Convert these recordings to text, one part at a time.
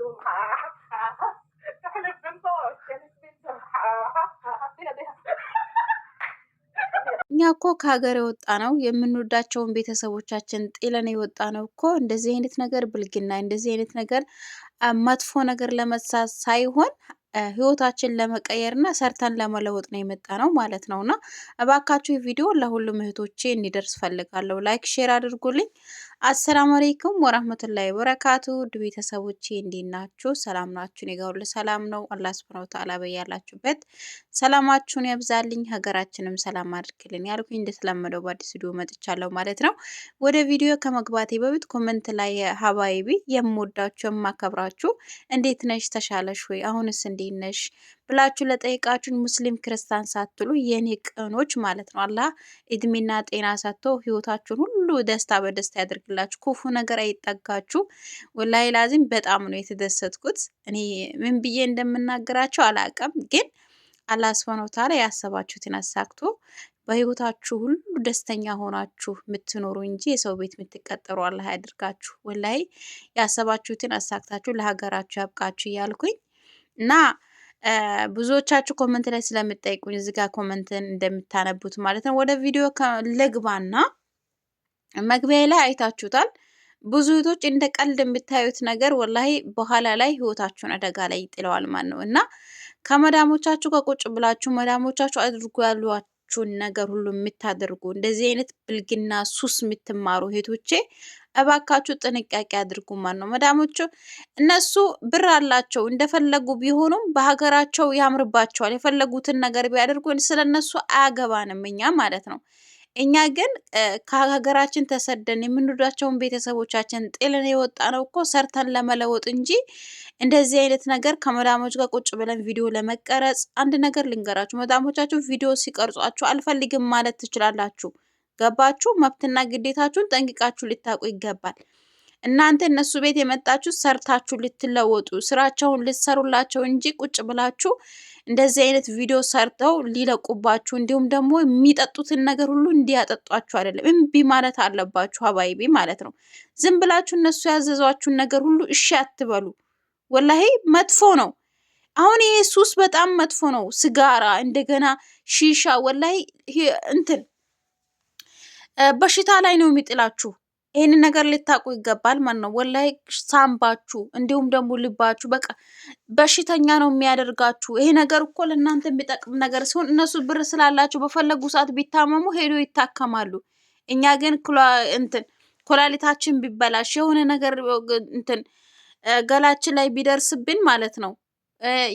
እኛ እኮ ከሀገር የወጣ ነው የምንወዳቸውን ቤተሰቦቻችን ጥለን የወጣ ነው እኮ። እንደዚህ አይነት ነገር ብልግና፣ እንደዚህ አይነት ነገር መጥፎ ነገር ለመሳት ሳይሆን ህይወታችን ለመቀየር እና ሰርተን ለመለወጥ ነው የመጣ ነው ማለት ነው። እና እባካችሁ ቪዲዮ ለሁሉም እህቶቼ እንዲደርስ ፈልጋለሁ። ላይክ ሼር አድርጉልኝ። አሰላሙ አለይኩም ወራህመቱላሂ ወበረካቱ ውድ ቤተሰቦቼ እንዴት ናችሁ? ሰላም ናችሁ? እኔ ጋር ሁሉ ሰላም ነው። አላህ ሱብሐነሁ ወተዓላ በያላችሁበት ሰላማችሁን ያብዛልኝ፣ ሀገራችንም ሰላም አድርግልን ያልኩኝ እንደተለመደው በአዲስ ቪዲዮ መጥቻለሁ ማለት ነው። ወደ ቪዲዮ ከመግባቴ በፊት ኮመንት ላይ ሀባይቢ የምወዳችሁ የማከብራችሁ እንዴት ነሽ? ተሻለሽ ወይ? አሁንስ እንዴት ነሽ? ብላችሁ ለጠይቃችሁን ሙስሊም ክርስቲያን ሳትሉ የኔ ቅኖች ማለት ነው። አላህ እድሜና ጤና ሰጥቶ ህይወታችሁን ሁሉ ደስታ በደስታ ያደርግላችሁ፣ ክፉ ነገር አይጠጋችሁ። ወላሂ ላዚም በጣም ነው የተደሰትኩት። እኔ ምን ብዬ እንደምናገራቸው አላውቅም፣ ግን አላህ ሱብሃነሁ ወተዓላ ያሰባችሁትን አሳክቶ በህይወታችሁ ሁሉ ደስተኛ ሆናችሁ የምትኖሩ እንጂ የሰው ቤት የምትቀጠሩ አላህ ያድርጋችሁ። ወላይ ያሰባችሁትን አሳክታችሁ ለሀገራችሁ ያብቃችሁ እያልኩኝ እና ብዙዎቻችሁ ኮመንት ላይ ስለምጠይቁኝ እዚህ ጋር ኮመንትን እንደምታነቡት ማለት ነው። ወደ ቪዲዮ ልግባና መግቢያ ላይ አይታችሁታል። ብዙ እህቶች እንደ ቀልድ የምታዩት ነገር ወላሂ በኋላ ላይ ህይወታችሁን አደጋ ላይ ይጥለዋል ማለት ነው እና ከመዳሞቻችሁ ከቁጭ ብላችሁ መዳሞቻችሁ አድርጎ ያሏችሁን ነገር ሁሉ የምታደርጉ እንደዚህ አይነት ብልግና ሱስ የምትማሩ ሄቶቼ እባካችሁ ጥንቃቄ አድርጉ። ማን ነው መዳሞቹ፣ እነሱ ብር አላቸው እንደፈለጉ ቢሆኑም በሀገራቸው ያምርባቸዋል። የፈለጉትን ነገር ቢያደርጉ ስለ እነሱ አያገባንም እኛ ማለት ነው። እኛ ግን ከሀገራችን ተሰደን የምንወዳቸውን ቤተሰቦቻችን ጥልን የወጣ ነው እኮ ሰርተን ለመለወጥ እንጂ እንደዚህ አይነት ነገር ከመዳሞች ጋር ቁጭ ብለን ቪዲዮ ለመቀረጽ። አንድ ነገር ልንገራችሁ፣ መዳሞቻችሁ ቪዲዮ ሲቀርጿችሁ አልፈልግም ማለት ትችላላችሁ። ገባችሁ? መብትና ግዴታችሁን ጠንቅቃችሁ ልታውቁ ይገባል። እናንተ እነሱ ቤት የመጣችሁ ሰርታችሁ ልትለወጡ ስራቸውን ልትሰሩላቸው እንጂ ቁጭ ብላችሁ እንደዚህ አይነት ቪዲዮ ሰርተው ሊለቁባችሁ እንዲሁም ደግሞ የሚጠጡትን ነገር ሁሉ እንዲያጠጧችሁ አይደለም። እምቢ ማለት አለባችሁ ሀባይቢ ማለት ነው። ዝም ብላችሁ እነሱ ያዘዟችሁን ነገር ሁሉ እሺ አትበሉ። ወላሂ መጥፎ ነው። አሁን ይሄ ሱስ በጣም መጥፎ ነው። ስጋራ፣ እንደገና ሺሻ ወላሂ እንትን በሽታ ላይ ነው የሚጥላችሁ። ይህንን ነገር ልታውቁ ይገባል ማለት ነው። ወላይ ሳምባችሁ፣ እንዲሁም ደግሞ ልባችሁ በቃ በሽተኛ ነው የሚያደርጋችሁ። ይሄ ነገር እኮ ለእናንተ የሚጠቅም ነገር ሲሆን እነሱ ብር ስላላቸው በፈለጉ ሰዓት ቢታመሙ ሄዶ ይታከማሉ። እኛ ግን እንትን ኮላሊታችን ቢበላሽ የሆነ ነገር እንትን ገላችን ላይ ቢደርስብን ማለት ነው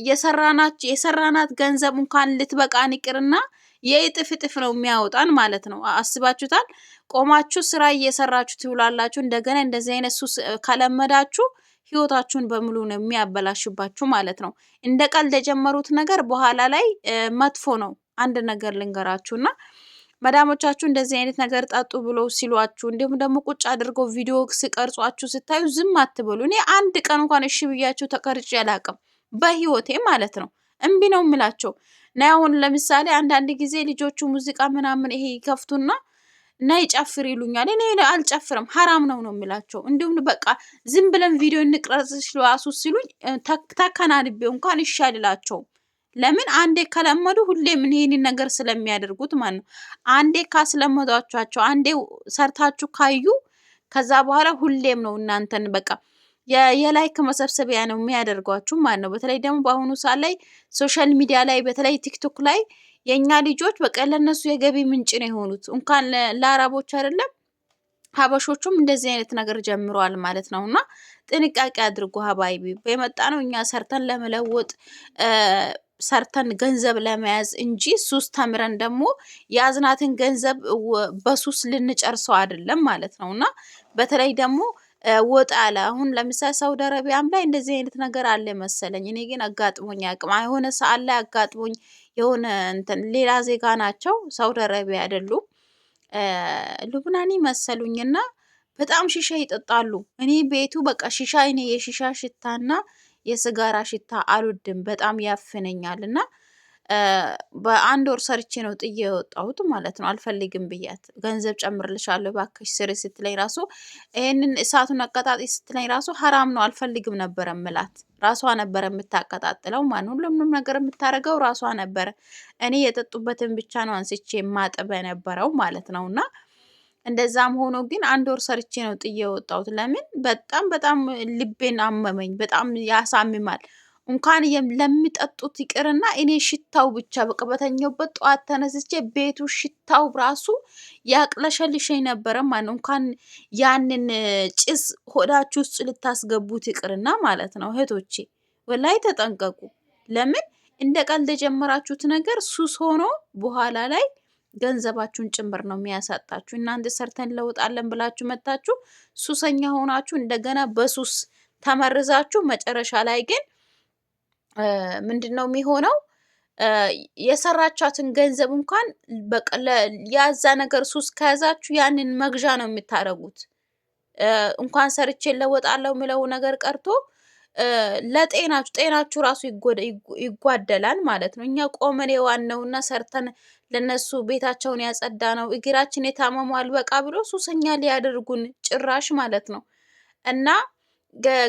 የሰራናት የሰራናት ገንዘብ እንኳን ልትበቃን ይቅርና የእጥፍ እጥፍ ነው የሚያወጣን ማለት ነው። አስባችሁታል? ቆማችሁ ስራ እየሰራችሁ ትውላላችሁ። እንደገና እንደዚህ አይነት ሱስ ከለመዳችሁ ህይወታችሁን በሙሉ ነው የሚያበላሽባችሁ ማለት ነው። እንደ ቀልድ የጀመሩት ነገር በኋላ ላይ መጥፎ ነው። አንድ ነገር ልንገራችሁ እና መዳሞቻችሁ እንደዚህ አይነት ነገር ጠጡ ብሎ ሲሏችሁ፣ እንዲሁም ደግሞ ቁጭ አድርገው ቪዲዮ ሲቀርጿችሁ ስታዩ ዝም አትበሉ። እኔ አንድ ቀን እንኳን እሺ ብያችሁ ተቀርጬ አላቅም በህይወቴ ማለት ነው። እምቢ ነው የምላቸው። ናይ አሁን ለምሳሌ አንዳንድ ጊዜ ልጆቹ ሙዚቃ ምናምን ይሄ ይከፍቱና ና ይጨፍር ይሉኛል። እኔ አልጨፍርም፣ ሀራም ነው ነው የሚላቸው። እንዲሁም በቃ ዝም ብለን ቪዲዮ እንቅረጽ ራሱ ሲሉኝ ተከናንቤው እንኳን እሺ አልላቸውም። ለምን አንዴ ከለመዱ ሁሌም ይሄንን ነገር ስለሚያደርጉት ማለት ነው። አንዴ ካስለመዷቸው አንዴ ሰርታችሁ ካዩ ከዛ በኋላ ሁሌም ነው እናንተን በቃ የላይክ መሰብሰቢያ ነው የሚያደርጓችሁ ማለት ነው። በተለይ ደግሞ በአሁኑ ሰዓት ላይ ሶሻል ሚዲያ ላይ በተለይ ቲክቶክ ላይ የእኛ ልጆች በቃ ለእነሱ የገቢ ምንጭ ነው የሆኑት። እንኳን ለአረቦች አይደለም ሀበሾቹም እንደዚህ አይነት ነገር ጀምረዋል ማለት ነው። እና ጥንቃቄ አድርጉ ሀባይቢ። የመጣ ነው እኛ ሰርተን ለመለወጥ ሰርተን ገንዘብ ለመያዝ እንጂ ሱስ ተምረን ደግሞ የአዝናትን ገንዘብ በሱስ ልንጨርሰው አይደለም ማለት ነው እና በተለይ ደግሞ ወጥ አለ። አሁን ለምሳሌ ሳውዲ አረቢያም ላይ እንደዚህ አይነት ነገር አለ መሰለኝ። እኔ ግን አጋጥሞኝ አቅም የሆነ ሰዓት ላይ አጋጥሞኝ የሆነ እንትን ሌላ ዜጋ ናቸው፣ ሳውዲ አረቢያ አይደሉም፣ መሰሉኝ መሰሉኝና በጣም ሽሻ ይጠጣሉ። እኔ ቤቱ በቃ ሽሻ እኔ የሽሻ ሽታና የስጋራ ሽታ አልወድም፣ በጣም ያፍነኛል እና በአንድ ወር ሰርቼ ነው ጥዬ የወጣሁት ማለት ነው። አልፈልግም ብያት ገንዘብ ጨምርልሻለሁ እባክሽ ስሪ ስትለኝ ራሱ ይህንን እሳቱን አቀጣጢ ስትለኝ ራሱ ሀራም ነው አልፈልግም ነበረ ምላት። ራሷ ነበረ የምታቀጣጥለው ማን ሁሉም ነገር የምታደርገው ራሷ ነበረ። እኔ የጠጡበትን ብቻ ነው አንስቼ የማጥበ ነበረው ማለት ነው እና እንደዛም ሆኖ ግን አንድ ወር ሰርቼ ነው ጥዬ የወጣሁት። ለምን በጣም በጣም ልቤን አመመኝ። በጣም ያሳምማል። እንኳን ለሚጠጡት ይቅርና እኔ ሽታው ብቻ በቃ በተኛሁበት ጠዋት ተነስቼ ቤቱ ሽታው ራሱ ያቅለሸልሸኝ ነበረ ማለት ነው። እንኳን ያንን ጭስ ሆዳችሁ ውስጥ ልታስገቡት ይቅርና ማለት ነው። እህቶቼ ወላይ ተጠንቀቁ። ለምን እንደ ቀልድ የጀመራችሁት ነገር ሱስ ሆኖ በኋላ ላይ ገንዘባችሁን ጭምር ነው የሚያሳጣችሁ። እናንተ ሰርተን ለውጣለን ብላችሁ መታችሁ ሱሰኛ ሆናችሁ እንደገና በሱስ ተመርዛችሁ መጨረሻ ላይ ግን ምንድን ነው የሚሆነው? የሰራቻትን ገንዘብ እንኳን ያዛ ነገር ሱስ ከያዛችሁ ያንን መግዣ ነው የምታደርጉት። እንኳን ሰርቼ ለወጣለሁ ምለው ነገር ቀርቶ ለጤናችሁ ጤናችሁ ራሱ ይጓደላል ማለት ነው። እኛ ቆመን እና ሰርተን ለነሱ ቤታቸውን ያጸዳ ነው እግራችን የታመሙ በቃ ብሎ ሱሰኛ ሊያደርጉን ጭራሽ ማለት ነው እና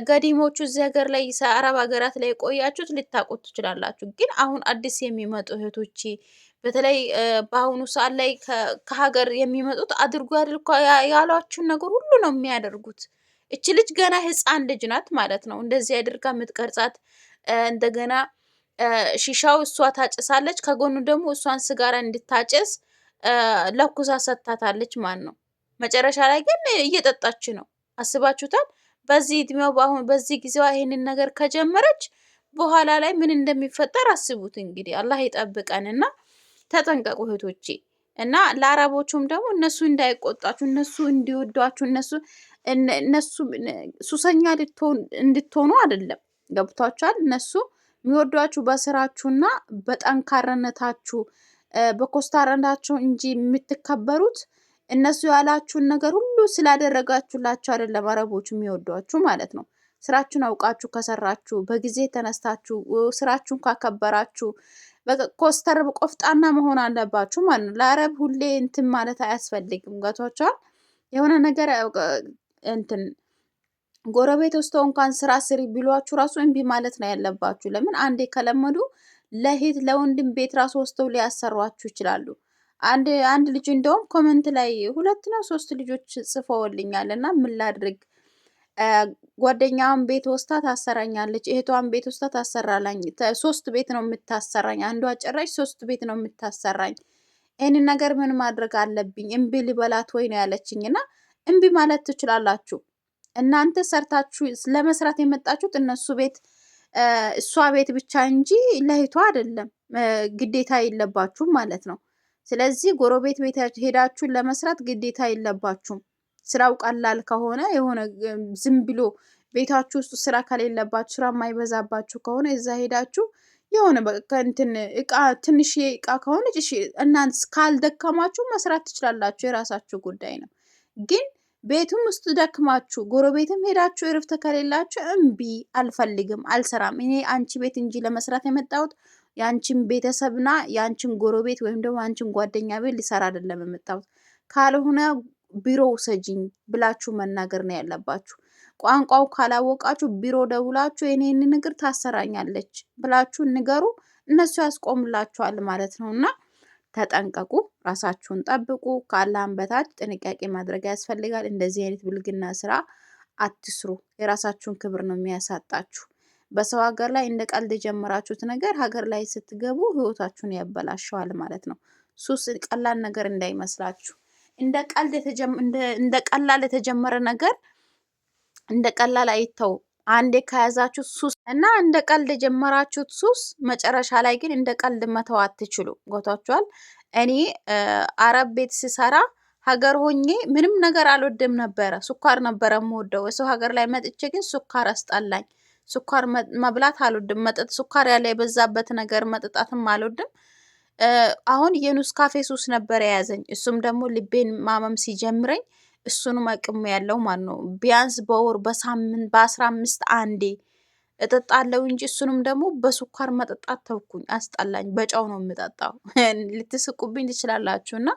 ገዲሞቹ እዚህ ሀገር ላይ አረብ ሀገራት ላይ ቆያችሁት ልታቁት ትችላላችሁ። ግን አሁን አዲስ የሚመጡ እህቶች በተለይ በአሁኑ ሰዓት ላይ ከሀገር የሚመጡት አድርጎ አድርጎ ያሏችሁን ነገር ሁሉ ነው የሚያደርጉት። እች ልጅ ገና ህፃን ልጅ ናት ማለት ነው። እንደዚህ አድርጋ የምትቀርጻት እንደገና ሺሻው እሷ ታጭሳለች፣ ከጎኑ ደግሞ እሷን ስጋራ እንድታጭስ ለኩሳ ሰታታለች ማን ነው። መጨረሻ ላይ ግን እየጠጣች ነው። አስባችሁታል? በዚህ እድሜው በአሁን በዚህ ጊዜዋ ይሄንን ነገር ከጀመረች በኋላ ላይ ምን እንደሚፈጠር አስቡት። እንግዲህ አላህ እና ተጠንቀቁ እህቶቼ። እና ለአረቦቹም ደግሞ እነሱ እንዳይቆጣችሁ፣ እነሱ እንዲወዷችሁ፣ እነሱ እነሱ ሱሰኛ እንድትሆኑ አይደለም። ገብቷችኋል? እነሱ የሚወዷችሁ በስራችሁና በጠንካራነታችሁ በኮስታራነታችሁ እንጂ የምትከበሩት እነሱ ያላችሁን ነገር ሁሉ ስላደረጋችሁላችሁ አይደለም አረቦች የሚወዷችሁ ማለት ነው። ስራችሁን አውቃችሁ ከሰራችሁ፣ በጊዜ ተነስታችሁ ስራችሁን ካከበራችሁ፣ ኮስተር ቆፍጣና መሆን አለባችሁ ማለት ነው። ለአረብ ሁሌ እንትን ማለት አያስፈልግም። ገቷቸዋል የሆነ ነገር እንትን ጎረቤት ውስጥ እንኳን ስራ ስሪ ቢሏችሁ ራሱ እምቢ ማለት ነው ያለባችሁ። ለምን አንዴ ከለመዱ ለሄት ለወንድም ቤት ራሱ ወስተው ሊያሰሯችሁ ይችላሉ። አንድ አንድ ልጅ እንደውም ኮመንት ላይ ሁለት ነው ሶስት ልጆች ጽፈውልኛል እና ምን ላድርግ ጓደኛዋን ቤት ወስታ ታሰራኛለች፣ እህቷን ቤት ወስታ ታሰራላኝ። ሶስት ቤት ነው የምታሰራኝ፣ አንዷ ጭራሽ ሶስት ቤት ነው የምታሰራኝ። ይህን ነገር ምን ማድረግ አለብኝ? እምቢ ልበላት ወይ ነው ያለችኝ። እና እምቢ ማለት ትችላላችሁ እናንተ ሰርታችሁ ለመስራት የመጣችሁት እነሱ ቤት እሷ ቤት ብቻ እንጂ ለእህቷ አይደለም። ግዴታ የለባችሁም ማለት ነው። ስለዚህ ጎረቤት ቤት ሄዳችሁን ለመስራት ግዴታ የለባችሁም። ስራው ቀላል ከሆነ የሆነ ዝም ብሎ ቤታችሁ ውስጥ ስራ ከሌለባችሁ ስራ የማይበዛባችሁ ከሆነ እዛ ሄዳችሁ የሆነ እንትን እቃ ትንሽ እቃ ከሆነ እናንተ ካልደከማችሁ መስራት ትችላላችሁ። የራሳችሁ ጉዳይ ነው። ግን ቤቱም ውስጥ ደክማችሁ ጎረቤትም ሄዳችሁ እረፍት ከሌላችሁ እምቢ፣ አልፈልግም፣ አልሰራም፣ እኔ አንቺ ቤት እንጂ ለመስራት የመጣሁት የአንቺን ቤተሰብና የአንቺን ጎረቤት ወይም ደግሞ አንቺን ጓደኛ ቤት ሊሰራ አይደለም የምታዩት። ካልሆነ ቢሮ ውሰጅኝ ብላችሁ መናገር ነው ያለባችሁ። ቋንቋው ካላወቃችሁ ቢሮ ደውላችሁ የኔን ንግር ታሰራኛለች ብላችሁ ንገሩ። እነሱ ያስቆሙላችኋል ማለት ነው እና ተጠንቀቁ፣ ራሳችሁን ጠብቁ። ከአላህም በታች ጥንቃቄ ማድረግ ያስፈልጋል። እንደዚህ አይነት ብልግና ስራ አትስሩ። የራሳችሁን ክብር ነው የሚያሳጣችሁ። በሰው ሀገር ላይ እንደ ቀልድ የጀመራችሁት ነገር ሀገር ላይ ስትገቡ ህይወታችሁን ያበላሸዋል ማለት ነው። ሱስ ቀላል ነገር እንዳይመስላችሁ። እንደ ቀልድ እንደ ቀላል የተጀመረ ነገር እንደ ቀላል አይተው አንዴ ከያዛችሁት ሱስ እና እንደ ቀልድ የጀመራችሁት ሱስ መጨረሻ ላይ ግን እንደ ቀልድ መተው አትችሉ። ጎቷችኋል። እኔ አረብ ቤት ስሰራ ሀገር ሆኜ ምንም ነገር አልወድም ነበረ። ስኳር ነበረ የምወደው። የሰው ሀገር ላይ መጥቼ ግን ስኳር አስጠላኝ። ስኳር መብላት አልወድም። መጠጥ ስኳር ያለ የበዛበት ነገር መጠጣትም አልወድም። አሁን የኑስካፌ ሱስ ነበር የያዘኝ። እሱም ደግሞ ልቤን ማመም ሲጀምረኝ እሱንም አቅሙ ያለው ማለት ነው። ቢያንስ በወር በሳምንት በአስራ አምስት አንዴ እጠጣለው እንጂ እሱንም ደግሞ በስኳር መጠጣት ተውኩኝ። አስጠላኝ። በጨው ነው የምጠጣው። ልትስቁብኝ ትችላላችሁ። እና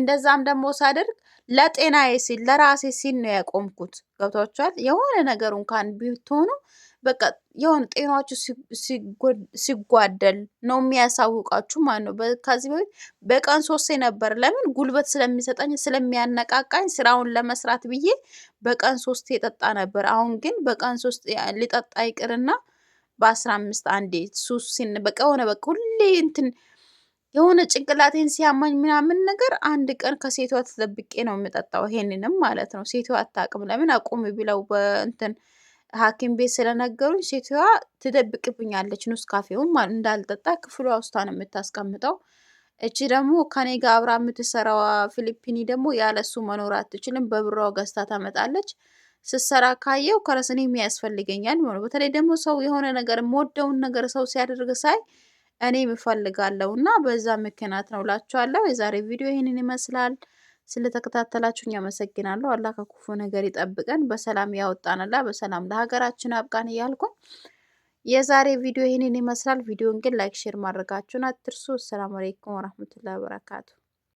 እንደዛም ደግሞ ሳደርግ ለጤናዬ ሲል ለራሴ ሲል ነው ያቆምኩት። ገብቷችኋል? የሆነ ነገር እንኳን ብትሆኑ በቃ የሆነ ጤናችሁ ሲጓደል ነው የሚያሳውቃችሁ ማለት ነው። ከዚህ በፊት በቀን ሶስቴ ነበር። ለምን ጉልበት ስለሚሰጠኝ ስለሚያነቃቃኝ ስራውን ለመስራት ብዬ በቀን ሶስቴ የጠጣ ነበር። አሁን ግን በቀን ሶስት ሊጠጣ ይቅርና በአስራ አምስት አንዴ ሱስ ሲን በቃ የሆነ በቃ ሁሌ እንትን የሆነ ጭንቅላቴን ሲያማኝ ምናምን ነገር አንድ ቀን ከሴቷ ተደብቄ ነው የምጠጣው። ይሄንንም ማለት ነው ሴቷ አታውቅም። ለምን አቁም ብለው በእንትን ሐኪም ቤት ስለነገሩኝ ሴቷ ትደብቅብኛለች። ኑስካፌውን እንዳልጠጣ ክፍሏ ውስጥ ነው የምታስቀምጠው። እቺ ደግሞ ከኔ ጋር አብራ የምትሰራዋ ፊሊፒኒ ደግሞ ያለሱ መኖር አትችልም። በብሯ ገዝታ ታመጣለች። ስትሰራ ካየው ከረስኔ የሚያስፈልገኛል። በተለይ ደግሞ ሰው የሆነ ነገር የምወደውን ነገር ሰው ሲያደርግ ሳይ እኔም እፈልጋለሁ እና በዛ ምክንያት ነው እላችኋለሁ። የዛሬ ቪዲዮ ይህንን ይመስላል። ስለተከታተላችሁኝ አመሰግናለሁ። አላህ ከክፉ ነገር ይጠብቀን፣ በሰላም ያወጣንላ፣ በሰላም ለሀገራችን አብቃን እያልኩኝ የዛሬ ቪዲዮ ይህንን ይመስላል። ቪዲዮን ግን ላይክ፣ ሼር ማድረጋችሁን አትርሱ። አሰላሙ አለይኩም ወረህመቱላሂ ወበረካቱ።